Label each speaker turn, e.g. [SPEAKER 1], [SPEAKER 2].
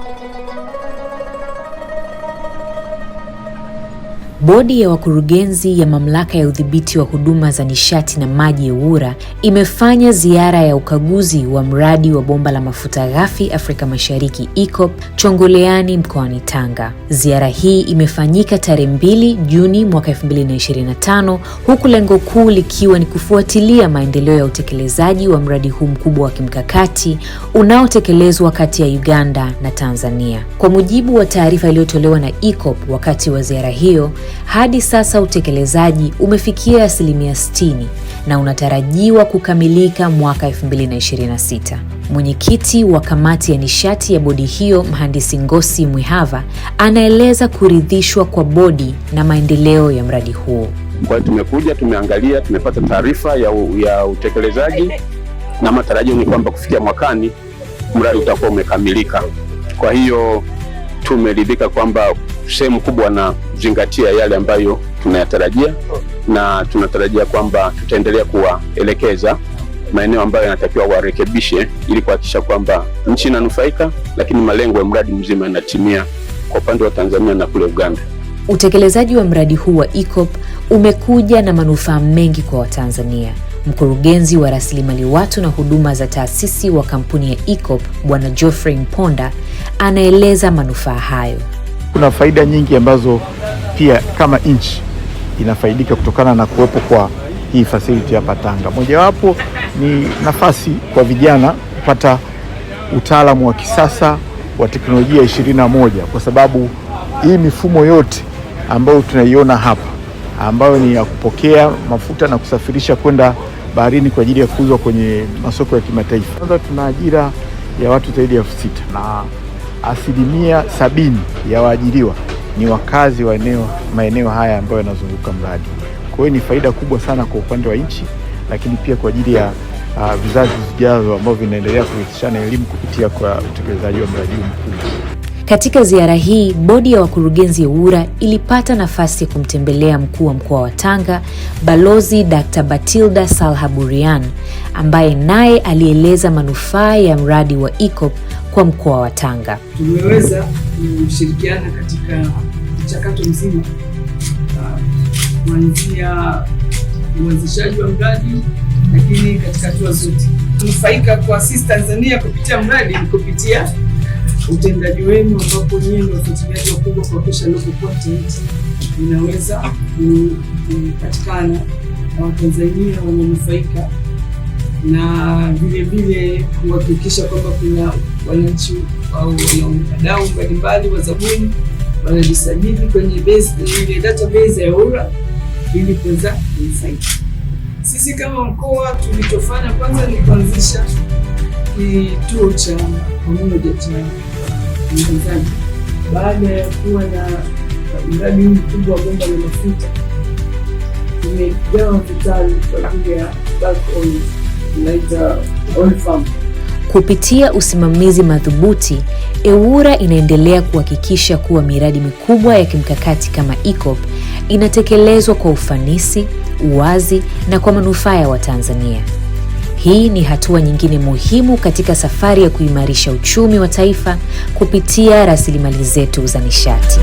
[SPEAKER 1] Música Bodi ya wakurugenzi ya Mamlaka ya Udhibiti wa Huduma za Nishati na Maji EWURA imefanya ziara ya ukaguzi wa mradi wa bomba la mafuta ghafi Afrika Mashariki EACOP Chongoleani mkoani Tanga. Ziara hii imefanyika tarehe 2 Juni mwaka 2025 huku lengo kuu likiwa ni kufuatilia maendeleo ya utekelezaji wa mradi huu mkubwa wa kimkakati unaotekelezwa kati ya Uganda na Tanzania. Kwa mujibu wa taarifa iliyotolewa na EACOP wakati wa ziara hiyo hadi sasa utekelezaji umefikia asilimia 60 na unatarajiwa kukamilika mwaka 2026. Mwenyekiti wa kamati ya nishati ya bodi hiyo, mhandisi Ngosi Mwihava, anaeleza kuridhishwa kwa bodi na maendeleo ya mradi huo.
[SPEAKER 2] Kwa hiyo tumekuja, tumeangalia, tumepata taarifa ya, ya utekelezaji na matarajio ni kwamba kufikia mwakani mradi utakuwa umekamilika. Kwa hiyo tumeridhika kwamba sehemu kubwa zingatia yale ambayo tunayatarajia, na tunatarajia kwamba tutaendelea kuwaelekeza maeneo ambayo yanatakiwa warekebishe ili kuhakikisha kwamba nchi inanufaika, lakini malengo ya mradi mzima yanatimia kwa upande wa Tanzania na kule Uganda.
[SPEAKER 1] Utekelezaji wa mradi huu wa EACOP umekuja na manufaa mengi kwa Watanzania. Mkurugenzi wa rasilimali watu na huduma za taasisi wa kampuni ya EACOP Bwana Geoffrey Mponda anaeleza manufaa hayo
[SPEAKER 3] kuna faida nyingi ambazo pia kama nchi inafaidika kutokana na kuwepo kwa hii facility hapa Tanga. Mojawapo ni nafasi kwa vijana kupata utaalamu wa kisasa wa teknolojia ishirini na moja kwa sababu hii mifumo yote ambayo tunaiona hapa ambayo ni ya kupokea mafuta na kusafirisha kwenda baharini kwa ajili ya kuuzwa kwenye masoko ya kimataifa. Kwanza tuna ajira ya watu zaidi ya elfu sita na asilimia sabini ya waajiriwa ni wakazi wa eneo maeneo haya ambayo yanazunguka mradi. Kwa hiyo ni faida kubwa sana kwa upande wa nchi, lakini pia kwa ajili ya uh, vizazi vijavyo ambavyo vinaendelea kuhusishana elimu kupitia kwa utekelezaji wa mradi huu mkubwa.
[SPEAKER 1] Katika ziara hii, bodi ya wakurugenzi EWURA ilipata nafasi ya kumtembelea mkuu wa mkoa wa Tanga, Balozi Dr. Batilda Salha Burian ambaye naye alieleza manufaa ya mradi wa ECOP kwa mkoa wa Tanga.
[SPEAKER 4] Tumeweza kushirikiana katika mchakato mzima uh, kuanzia uh, uanzishaji wa mradi, lakini katika hatua zote tunufaika kwa sisi Tanzania kupitia mradi kupitia utendaji wenu ambapo nyinyi ni wafuatiliaji wakubwa kuakisha local content inaweza kupatikana na Watanzania wananufaika na vilevile kuhakikisha kwamba kuna wananchi au wadau mbalimbali wa zabuni wanajisajili kwenye ile database ya ura ili kuweza kuisaidia. Sisi kama mkoa tulichofanya kwanza ni kuanzisha kituo cha pamoja cha uongozaji baada ya kuwa na mradi huu mkubwa wa bomba la mafuta tumegawa vitalu kwa ajili ya tunaita farm.
[SPEAKER 1] Kupitia usimamizi madhubuti, EWURA inaendelea kuhakikisha kuwa miradi mikubwa ya kimkakati kama EACOP inatekelezwa kwa ufanisi, uwazi na kwa manufaa ya Watanzania. Hii ni hatua nyingine muhimu katika safari ya kuimarisha uchumi wa taifa kupitia rasilimali zetu za nishati.